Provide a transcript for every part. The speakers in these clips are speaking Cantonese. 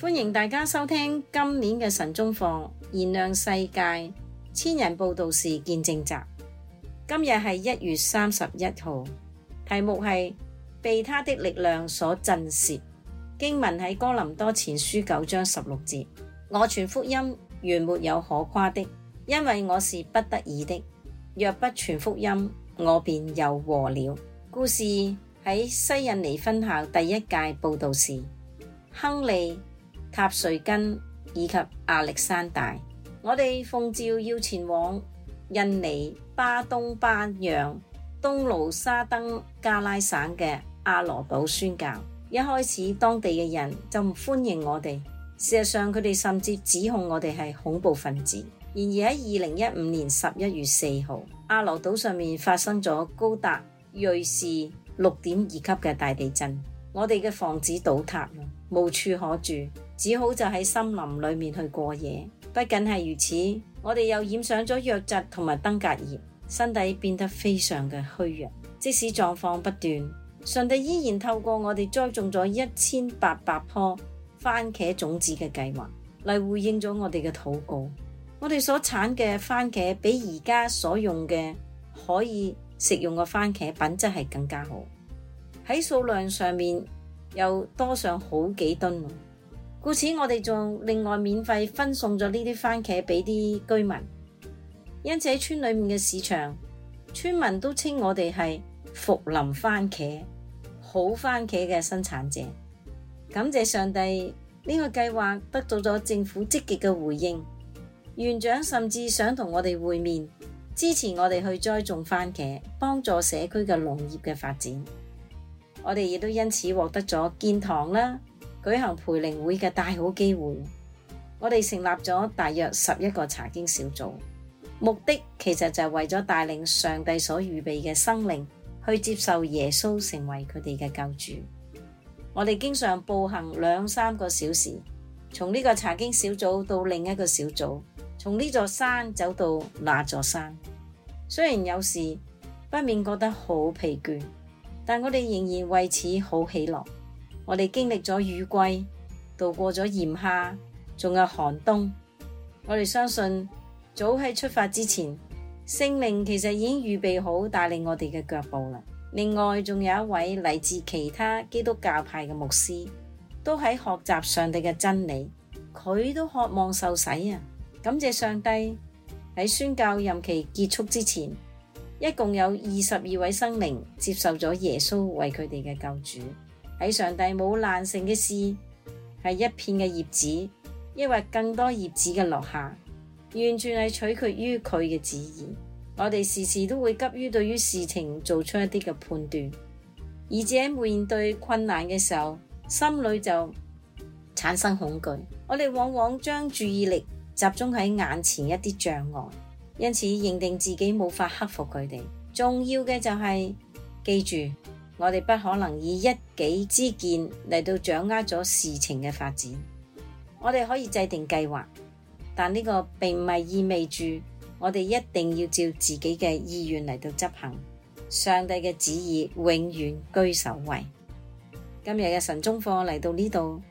歡迎大家收聽今年嘅晨鐘課，燃亮世界千人佈道士見證集。今日係一月三十一號，題目係被祂的力量所震懾。經文喺哥林多前書九章十六節：我傳福音原沒有可誇的，因為我是不得已的。若不傳福音，我便有禍了。故事喺西印尼分校第一屆佈道士，亨利。塔瑞根以及阿力山大，我哋奉召要前往印尼巴東巴揚東盧沙登加拉省嘅阿羅島宣教。一開始當地嘅人就唔歡迎我哋，事實上佢哋甚至指控我哋係恐怖分子。然而喺二零一五年十一月四號阿羅島上面發生咗高達瑞士六點二級嘅大地震，我哋嘅房子倒塌無處可住。只好就喺森林裏面去過夜。不僅係如此，我哋又染上咗瘧疾同埋登革熱，身體變得非常嘅虛弱。即使狀況不斷，上帝依然透過我哋栽種咗一千八百棵番茄種子嘅計劃，嚟回應咗我哋嘅禱告。我哋所產嘅番茄比而家所用嘅可以食用嘅番茄品質係更加好，喺數量上面又多上好幾噸。故此，我哋仲另外免費分送咗呢啲番茄俾啲居民，因此喺村裏面嘅市場，村民都稱我哋係福林番茄好番茄嘅生產者。感謝上帝，呢個計劃得到咗政府積極嘅回應，園長甚至想同我哋會面，支持我哋去栽種番茄，幫助社區嘅農業嘅發展。我哋亦都因此獲得咗建堂啦、舉行培靈會嘅大好機會，我哋成立咗大約十一個查經小組，目的其實就係為咗帶領上帝所預備嘅生靈去接受耶穌成為佢哋嘅救主。我哋經常步行兩三個小時，從呢個查經小組到另一個小組，從呢座山走到那座山。雖然有時不免覺得好疲倦，但我哋仍然為此好喜樂。我哋經歷咗雨季，度過咗炎夏，仲有寒冬。我哋相信早喺出發之前，聖靈其實已經預備好帶領我哋嘅腳步啦。另外，仲有一位嚟自其他基督教派嘅牧師，都喺學習上帝嘅真理，佢都渴望受洗啊！感謝上帝，喺宣教任期結束之前，一共有二十二位生靈接受咗耶穌為佢哋嘅救主。喺上帝冇難成嘅事，係一片嘅葉子，抑或更多葉子嘅落下，完全係取決於佢嘅旨意。我哋時時都會急於對於事情做出一啲嘅判斷，而且面對困難嘅時候，心裏就產生恐懼。我哋往往將注意力集中喺眼前一啲障礙，因此認定自己冇法克服佢哋。重要嘅就係記住。我哋不可能以一己之見嚟到掌握咗事情嘅發展。我哋可以制定計劃，但呢個並唔係意味住我哋一定要照自己嘅意願嚟到執行。上帝嘅旨意永遠居首位。今日嘅晨鐘課嚟到呢度，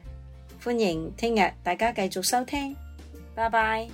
歡迎聽日大家繼續收聽。拜拜。